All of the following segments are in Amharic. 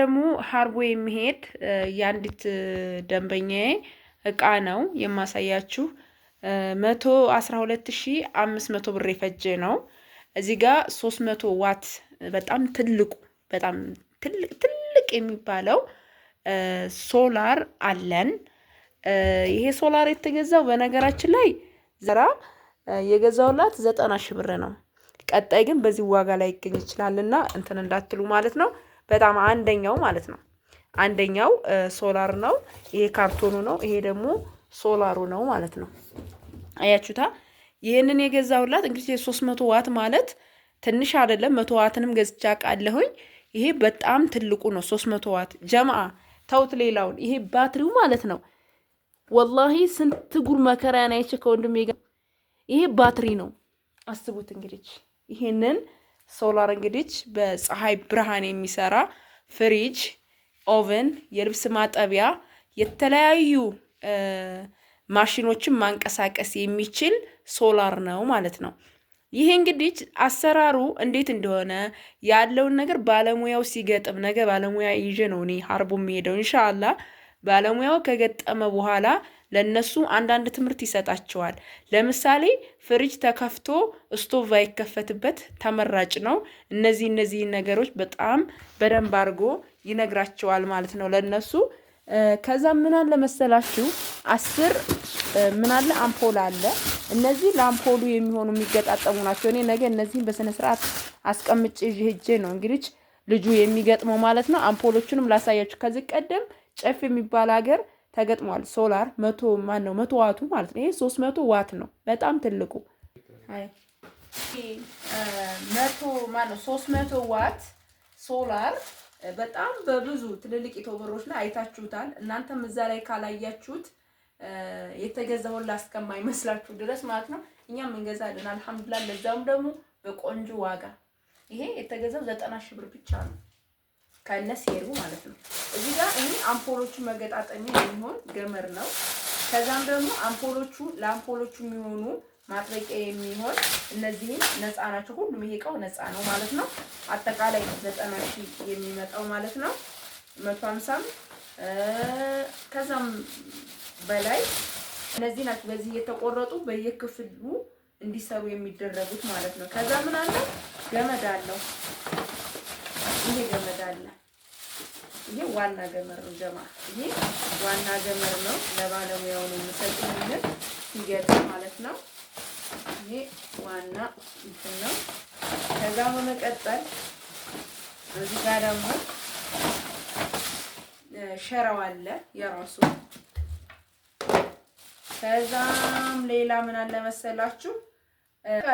ደግሞ ሀርቦ የሚሄድ የአንዲት ደንበኛዬ እቃ ነው የማሳያችሁ። መቶ አስራ ሁለት ሺ አምስት መቶ ብር የፈጀ ነው። እዚህ ጋር ሶስት መቶ ዋት በጣም ትልቁ በጣም ትልቅ ትልቅ የሚባለው ሶላር አለን። ይሄ ሶላር የተገዛው በነገራችን ላይ ዘራ የገዛውላት ዘጠና ሺ ብር ነው። ቀጣይ ግን በዚህ ዋጋ ላይ ይገኝ ይችላልና እንትን እንዳትሉ ማለት ነው። በጣም አንደኛው ማለት ነው። አንደኛው ሶላር ነው። ይሄ ካርቶኑ ነው። ይሄ ደግሞ ሶላሩ ነው ማለት ነው። አያችሁታ። ይህንን የገዛሁላት እንግዲህ የሶስት መቶ ዋት ማለት ትንሽ አይደለም። መቶ ዋትንም ገዝቻ ቃለሁኝ። ይሄ በጣም ትልቁ ነው። ሶስት መቶ ዋት ጀማአ ተውት። ሌላውን ይሄ ባትሪው ማለት ነው። ወላሂ ስንት ጉር መከራ ናይቼ ከወንድሜ ጋር ይሄ ባትሪ ነው። አስቡት እንግዲህ ይሄንን ሶላር እንግዲህ በፀሐይ ብርሃን የሚሰራ ፍሪጅ፣ ኦቨን፣ የልብስ ማጠቢያ የተለያዩ ማሽኖችን ማንቀሳቀስ የሚችል ሶላር ነው ማለት ነው። ይሄ እንግዲህ አሰራሩ እንዴት እንደሆነ ያለውን ነገር ባለሙያው ሲገጥም ነገ ባለሙያ ይዤ ነው እኔ ሀርቡ የሚሄደው ኢንሻአላህ። ባለሙያው ከገጠመ በኋላ ለነሱ አንዳንድ ትምህርት ይሰጣቸዋል። ለምሳሌ ፍሪጅ ተከፍቶ ስቶቭ ባይከፈትበት ተመራጭ ነው። እነዚህ እነዚህ ነገሮች በጣም በደንብ አድርጎ ይነግራቸዋል ማለት ነው ለነሱ። ከዛ ምን አለ መሰላችሁ አስር ምን አለ አምፖል አለ። እነዚህ ለአምፖሉ የሚሆኑ የሚገጣጠሙ ናቸው። እኔ ነገ እነዚህን በስነ ስርዓት አስቀምጬ ይዤ ሄጄ ነው እንግዲህ ልጁ የሚገጥመው ማለት ነው። አምፖሎቹንም ላሳያችሁ ከዚህ ቀደም ጨፍ የሚባል ሀገር ተገጥሟል። ሶላር መቶ ማን ነው መቶ ዋቱ ማለት ነው። ይሄ ሶስት መቶ ዋት ነው። በጣም ትልቁ መቶ ማን ነው ሶስት መቶ ዋት ሶላር በጣም በብዙ ትልልቅ ኢቶበሮች ላይ አይታችሁታል። እናንተም እዛ ላይ ካላያችሁት የተገዛውን እስከማይመስላችሁ ድረስ ማለት ነው እኛም እንገዛለን። አልሐምዱላ፣ ለዛውም ደግሞ በቆንጆ ዋጋ ይሄ የተገዛው ዘጠና ሺህ ብር ብቻ ነው። ከነ ሴሩ ማለት ነው። እዚህ ጋር እኔ አምፖሎቹ መገጣጠሚያ የሚሆን ገመድ ነው። ከዛም ደግሞ አምፖሎቹ ለአምፖሎቹ የሚሆኑ ማጥበቂያ የሚሆን እነዚህም ነፃ ናቸው። ሁሉም ይሄ እቃው ነፃ ነው ማለት ነው። አጠቃላይ ዘጠና የሚመጣው ማለት ነው። መቶ ሀምሳም ከዛም በላይ እነዚህ ናቸው። በዚህ የተቆረጡ በየክፍሉ እንዲሰሩ የሚደረጉት ማለት ነው። ከዛ ምን አለው ገመድ አለው ይሄ ገመድ አለ። ይሄ ዋና ገመድ ነው ጀማ። ይሄ ዋና ገመድ ነው። ለባለሙያው ነው የምሰጥልን ሲገጥ ማለት ነው። ይሄ ዋና እንትን ነው። ከዛ በመቀጠል እዚህ ጋር ደግሞ ሸራው አለ የራሱ። ከዛም ሌላ ምን አለ መሰላችሁ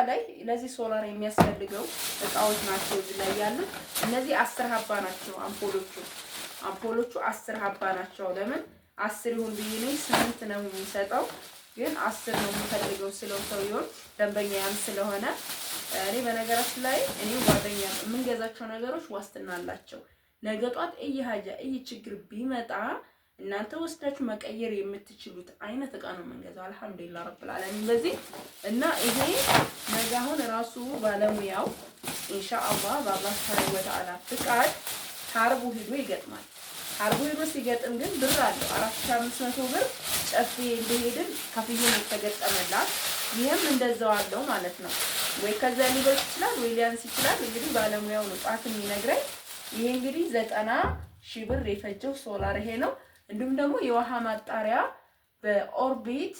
ላይ ለዚህ ሶላር የሚያስፈልገው እቃዎች ናቸው እዚህ ላይ ያሉ እነዚህ አስር ሀባ ናቸው አምፖሎቹ አምፖሎቹ አስር ሀባ ናቸው። ለምን አስር ይሁን ብዬ እኔ ስምንት ነው የሚሰጠው፣ ግን አስር ነው የሚፈልገው ስለው ይሆን ደንበኛ ያም ስለሆነ እኔ በነገራችን ላይ እኔ ጓደኛ የምንገዛቸው ነገሮች ዋስትና አላቸው። ነገ ጧት እይ ሀጃ እይ ችግር ቢመጣ እናንተ ወስዳችሁ መቀየር የምትችሉት አይነት እቃ ነው የምንገዛው። አልሐምዱሊላህ ረብል ዓለሚን በዚህ እና ይሄ ነገ አሁን ራሱ ባለሙያው ኢንሻአላህ በአላህ ሱብሓነሁ ወተዓላ ፍቃድ ሀርቡ ሂዶ ይገጥማል። ሀርቡ ሂዶ ሲገጥም ግን ብር አለው 4500 ብር ጨፌ እንደሄድን ከፍዬን የተገጠመላት ይህም እንደዛው አለው ማለት ነው። ወይ ከዛ ሊበልጥ ይችላል ወይ ሊያንስ ይችላል። እንግዲህ ባለሙያው ነው ጧት የሚነግረኝ። ይሄ እንግዲህ ዘጠና ሺህ ብር የፈጀው ሶላር ይሄ ነው። እንዲሁም ደግሞ የውሃ ማጣሪያ በኦርቢት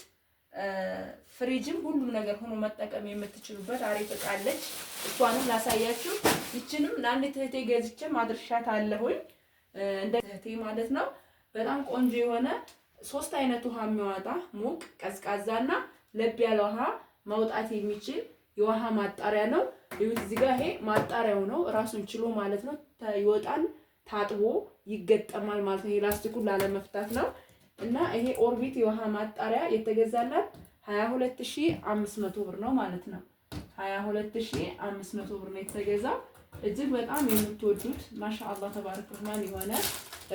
ፍሪጅም ሁሉም ነገር ሆኖ መጠቀም የምትችሉበት አሪፍ እቃ አለች። እሷንም ላሳያችሁ። ይችንም ለአንድ ትህቴ ገዝቼ ማድርሻት አለሁኝ እንደ ትህቴ ማለት ነው። በጣም ቆንጆ የሆነ ሶስት አይነት ውሃ የሚያወጣ ሙቅ፣ ቀዝቃዛ ቀዝቃዛና ለብ ያለ ውሃ ማውጣት የሚችል የውሃ ማጣሪያ ነው። ይሁን እዚህ ጋር ይሄ ማጣሪያው ነው ራሱን ችሎ ማለት ነው። ይወጣል ታጥቦ ይገጠማል ማለት ነው። የላስቲኩን ላለመፍታት ነው እና ይሄ ኦርቢት የውሃ ማጣሪያ የተገዛላት 22500 ብር ነው ማለት ነው። 22500 ብር ነው የተገዛ። እጅግ በጣም የምትወዱት ማሻአላ ተባረክ ረህማን የሆነ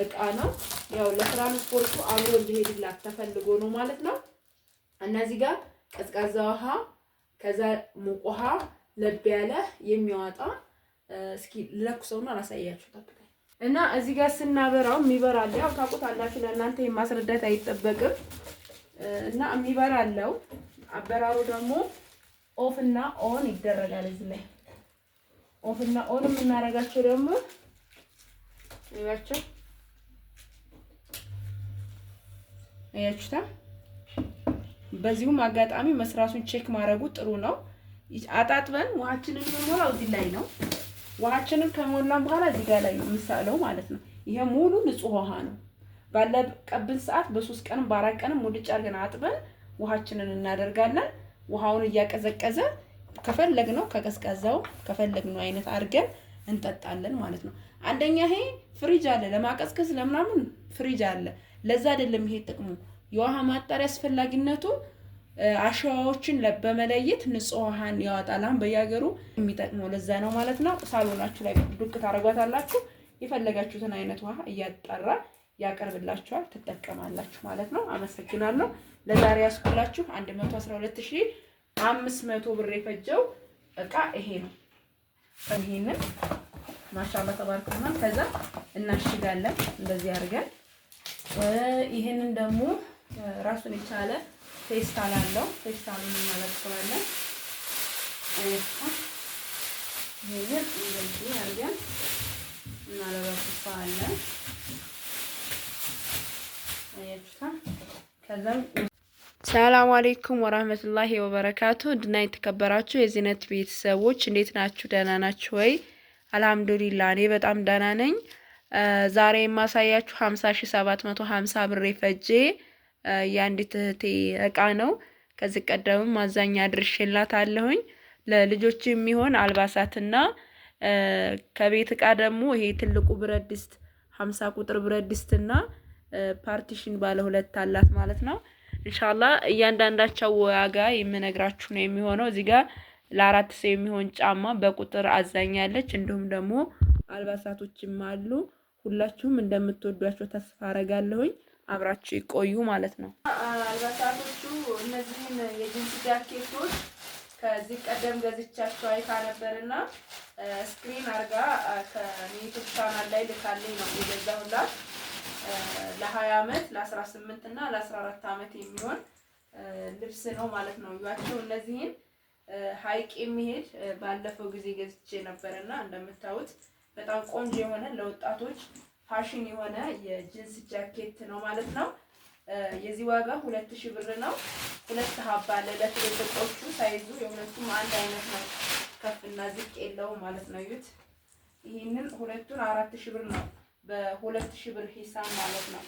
እቃ ነው። ያው ለትራንስፖርቱ አብሮ እንዲሄድላት ተፈልጎ ነው ማለት ነው። እነዚህ ጋር ቀዝቃዛ ውሃ ከዛ ሙቅ ውሃ ለብ ያለ የሚያወጣ እስኪ ለኩሰውና አላሳያችሁ። እና እዚህ ጋር ስናበራው የሚበራል ያው ታውቁታላችሁ። ለእናንተ የማስረዳት አይጠበቅም። እና የሚበራለው አበራሩ ደግሞ ኦፍ እና ኦን ይደረጋል። እዚህ ላይ ኦፍ እና ኦን የምናደርጋቸው ደግሞ ይባቸው አያችሁታ። በዚሁም አጋጣሚ መስራቱን ቼክ ማድረጉ ጥሩ ነው። አጣጥበን ውሃችንን የምንሞላው እዚህ ላይ ነው። ውሃችንን ከሞላን በኋላ እዚህ ጋር ላይ የሚሳለው ማለት ነው። ይሄ ሙሉ ንጹህ ውሃ ነው። ባለቀብን ሰዓት በሶስት ቀንም በአራት ቀንም ሙልጭ አድርገን አጥበን ውሃችንን እናደርጋለን። ውሃውን እያቀዘቀዘ ከፈለግነው ከቀዝቀዛው ከፈለግነው አይነት አድርገን እንጠጣለን ማለት ነው። አንደኛ ይሄ ፍሪጅ አለ ለማቀዝቀዝ ለምናምን ፍሪጅ አለ። ለዛ አይደለም ይሄ ጥቅሙ የውሃ ማጣሪያ አስፈላጊነቱ አሸዋዎችን በመለየት ንጹህ ውሃን ያወጣል። አሁን በየሀገሩ የሚጠቅመው ለዛ ነው ማለት ነው። ሳሎናችሁ ላይ ዱቅ ታደርጓታላችሁ። የፈለጋችሁትን አይነት ውሃ እያጠራ ያቀርብላችኋል። ትጠቀማላችሁ ማለት ነው። አመሰግናለሁ። ለዛሬ ያስኩላችሁ 112500 ብር የፈጀው እቃ ይሄ ነው። ይሄንን ማሻላ ተባርክማን ከዛ እናሽጋለን እንደዚህ አድርገን ይህንን ደግሞ ራሱን የቻለ ፌስታል አለው። ፌስታሉን እናበስላለን። ይህን እንደዚህ አድርገን እናለበስበዋለን። ሰላም አሌይኩም ወራህመቱላሂ ወበረካቱ። ድና የተከበራችሁ የዚህነት ቤተሰቦች እንዴት ናችሁ? ደህና ናችሁ ወይ? አልሐምዱሊላ እኔ በጣም ደህና ነኝ። ዛሬ የማሳያችሁ ሀምሳ ሺ ሰባት መቶ ሀምሳ ብር ፈጄ የአንዲት እህቴ እቃ ነው። ከዚህ ቀደምም አዛኛ አድርሼላት አለሁኝ። ለልጆች የሚሆን አልባሳትና ከቤት እቃ ደግሞ ይሄ ትልቁ ብረት ድስት ሀምሳ ቁጥር ብረት ድስትና ፓርቲሽን ባለ ሁለት አላት ማለት ነው። እንሻላ እያንዳንዳቸው ዋጋ የምነግራችሁ ነው የሚሆነው። እዚህ ጋር ለአራት ሰው የሚሆን ጫማ በቁጥር አዛኛለች። እንዲሁም ደግሞ አልባሳቶችም አሉ። ሁላችሁም እንደምትወዷቸው ተስፋ አረጋለሁኝ። አብራችሁ ይቆዩ ማለት ነው። አልባሳቶቹ እነዚህን የጂንስ ጃኬቶች ከዚህ ቀደም ገዝቻቸው አይታ ነበርና ስክሪን አርጋ ከዩቱብ ቻናል ላይ ልካልኝ ነው የገዛሁላት። አመት ዓመት ለ18 እና ለ14 አመት የሚሆን ልብስ ነው ማለት ነው። እዩዋቸው። እነዚህን ሀይቅ የሚሄድ ባለፈው ጊዜ ገዝቼ ነበርና እንደምታዩት በጣም ቆንጆ የሆነ ለወጣቶች ፋሽን የሆነ የጂንስ ጃኬት ነው ማለት ነው። የዚህ ዋጋ ሁለት ሺህ ብር ነው። ሁለት ሀባ አለ ለትልልቆቹ ሳይዙ የሁለቱም አንድ አይነት ነው። ከፍና ዝቅ የለውም ማለት ነው። ይዩት። ይህንን ሁለቱን አራት ሺህ ብር ነው በሁለት ሺህ ብር ሂሳብ ማለት ነው።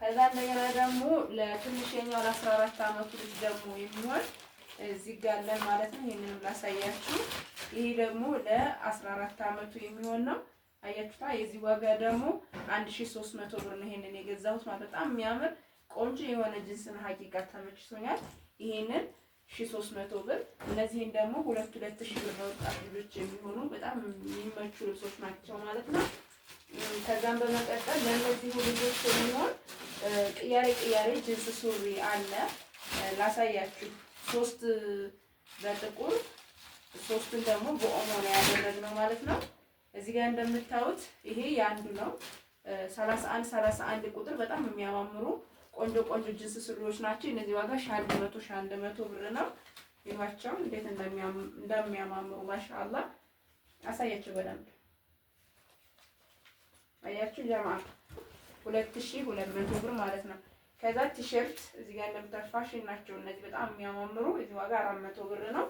ከዛ እንደገና ደግሞ ለትንሽኛው ለአስራ አራት አመቱ ልጅ ደግሞ የሚሆን እዚህ ጋር አለን ማለት ነው። ይህንን ላሳያችሁ። ይሄ ደግሞ ለአስራ አራት አመቱ የሚሆን ነው አያችሁታ። የዚህ ዋጋ ደግሞ 1300 ብር ነው። ይሄንን የገዛሁት ማለት በጣም የሚያምር ቆንጆ የሆነ ጅንስን ሀቂቃ ተመችቶኛል። ይሄንን 1300 ብር፣ እነዚህን ደግሞ ሁለት ሁለት ብር ወጣት ልጆች የሚሆኑ በጣም የሚመቹ ልብሶች ናቸው ማለት ነው። ከዛም በመቀጠል ለእነዚህ ልጆች የሚሆን ቅያሬ ቅያሬ ጅንስ ሱሪ አለ ላሳያችሁ። ሶስት በጥቁር ሶስቱን ደግሞ በኦሞ ነው ያደረግነው ማለት ነው። እዚህ ጋር እንደምታዩት ይሄ የአንዱ ነው። 31 31 ቁጥር በጣም የሚያማምሩ ቆንጆ ቆንጆ ጅንስ ሱሪዎች ናቸው። እነዚህ ዋጋ 100 100 ብር ነው። ይሏቸው እንዴት እንደሚያማምሩ ማሻአላ፣ አሳያቸው በደንብ አያችሁ ጀማ 2200 ብር ማለት ነው። ከዛ ቲሸርት እዚህ ጋር እንደምታዩት ፋሽን ናቸው እነዚህ በጣም የሚያማምሩ እዚህ ዋጋ 400 ብር ነው።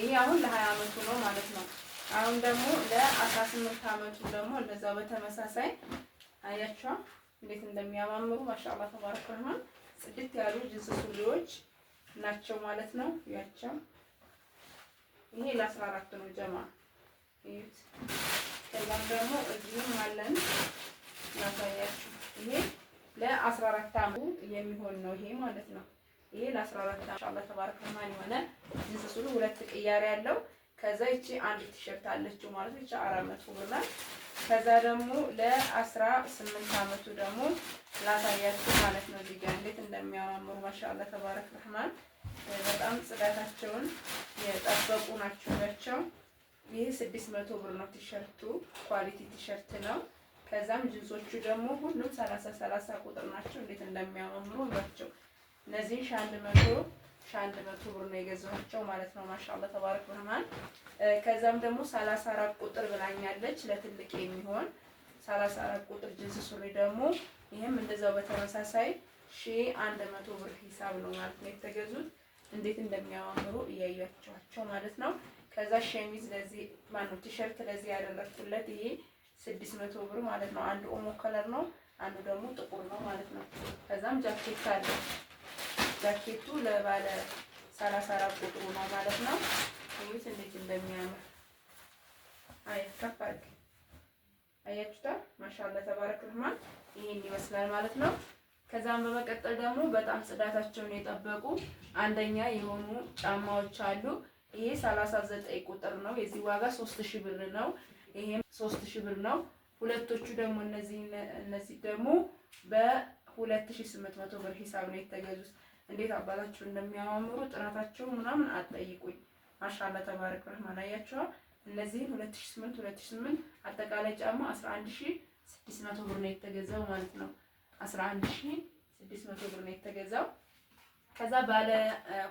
ይሄ አሁን ለ20 አመቱ ነው ማለት ነው። አሁን ደግሞ ለአስራ ስምንት አመቱ ደግሞ እንደዛው በተመሳሳይ አያቸው እንዴት እንደሚያማምሩ ማሻአላ ተባረከ ረህማን ጽድት ያሉ ጅንስ ሱሪዎች ናቸው ማለት ነው። ያቸው ይሄ ለአስራ አራት ነው ጀማ እዩት። ከዛም ደግሞ እዚህም አለን ያሳያችሁ። ይሄ ለአስራ አራት አመት የሚሆን ነው ይሄ ማለት ነው። ይሄ ለአስራ አራት ማሻአላ ተባረከ ረህማን የሆነ ጅንስ ሱሪ ሁለት ቅያሬ ያለው ከዛ ይቺ አንድ ቲሸርት አለችው ማለት ይቺ አራት መቶ ብር ናት። ከዛ ደግሞ ለአስራ ስምንት አመቱ ደግሞ ላሳያችሁ ማለት ነው። እዚህ እንዴት እንደሚያማምሩ ማሻአላ ተባረክ ረህማን በጣም ጽዳታቸውን የጠበቁ ናቸው ናቸው። ይህ ስድስት መቶ ብር ነው ቲሸርቱ፣ ኳሊቲ ቲሸርት ነው። ከዛም ጅንሶቹ ደግሞ ሁሉም ሰላሳ ሰላሳ ቁጥር ናቸው። እንዴት እንደሚያማምሩ ናቸው እነዚህ ሺህ አንድ መቶ ሺህ አንድ መቶ ብር ነው የገዛኋቸው ማለት ነው። ማሻአላ ተባረክ ረህማን። ከዛም ደግሞ ሰላሳ አራት ቁጥር ብላኛለች ለትልቅ የሚሆን ሰላሳ አራት ቁጥር ጅንስ ሱሪ ደግሞ ይህም እንደዛው በተመሳሳይ ሺህ አንድ መቶ ብር ሂሳብ ነው ማለት ነው የተገዙት። እንዴት እንደሚያማምሩ እያያቸዋቸው ማለት ነው። ከዛ ሸሚዝ ለዚህ ማነው ቲሸርት ለዚህ ያደረግኩለት ይሄ ስድስት መቶ ብር ማለት ነው። አንድ ኦሞ ከለር ነው፣ አንዱ ደግሞ ጥቁር ነው ማለት ነው። ከዛም ጃኬት አለ ጃኬቱ ለባለ ሰላሳ አራት ቁጥሩ ነው ማለት ነው። እዩት እንዴት እንደሚያምር አይ ከፋል አያችሁታ። ማሻአላ ተባረክ ረህማን ይሄን ይመስላል ማለት ነው። ከዛም በመቀጠል ደግሞ በጣም ጽዳታቸውን የጠበቁ አንደኛ የሆኑ ጫማዎች አሉ። ይሄ 39 ቁጥር ነው። የዚህ ዋጋ 3000 ብር ነው። ይሄም 3000 ብር ነው። ሁለቶቹ ደግሞ እነዚህ እነዚህ ደግሞ በ2800 ብር ሂሳብ ነው የተገዙት። እንዴት አባታችሁ እንደሚያማምሩ ጥራታቸው ምናምን አጠይቁኝ። ማሻአላ ተባረክ ረህማን አያቸዋ። እነዚህም 2008 2008 አጠቃላይ ጫማ 11600 ብር ነው የተገዛው ማለት ነው። 11600 ብር ነው የተገዛው። ከዛ ባለ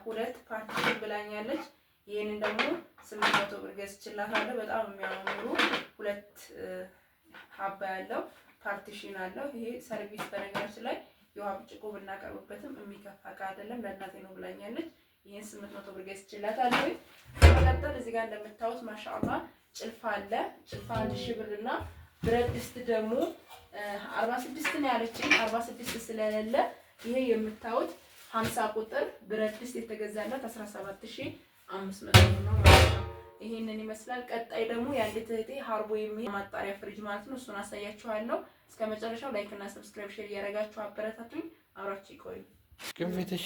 ሁለት ፓርቲ ብላኛለች። ይህንን ደግሞ 800 ብር ገዝቼላታለሁ። በጣም የሚያማምሩ ሁለት ሀባ ያለው ፓርቲሽን አለው። ይሄ ሰርቪስ በነገራችን ላይ የውሃ ብርጭቆ ብናቀርብበትም የሚከፋ እቃ አይደለም። ለእናቴ ነው ብላኛለች። ይህን ስምንት መቶ ብር ገዝቼላታለሁ። በመቀጠል እዚህ ጋር እንደምታዩት ማሻአላ ጭልፋ አለ። ጭልፋ አንድ ሺህ ብር እና ብረት ድስት ደግሞ አርባ ስድስት ነው ያለችኝ። አርባ ስድስት ስለሌለ ይሄ የምታዩት ሀምሳ ቁጥር ብረት ድስት የተገዛላት አስራ ሰባት ሺህ አምስት መቶ ነው ማለት ነው። ይሄንን ይመስላል። ቀጣይ ደግሞ የአንዲት እህቴ ሀርቦ የሚሄድ ማጣሪያ ፍሪጅ ማለት ነው። እሱን አሳያችኋለሁ። እስከ መጨረሻው ላይክ እና ሰብስክራይብ ሼር እያደረጋችሁ አበረታቱኝ። አብራችሁ ይቆዩ። ቅንፊትሽ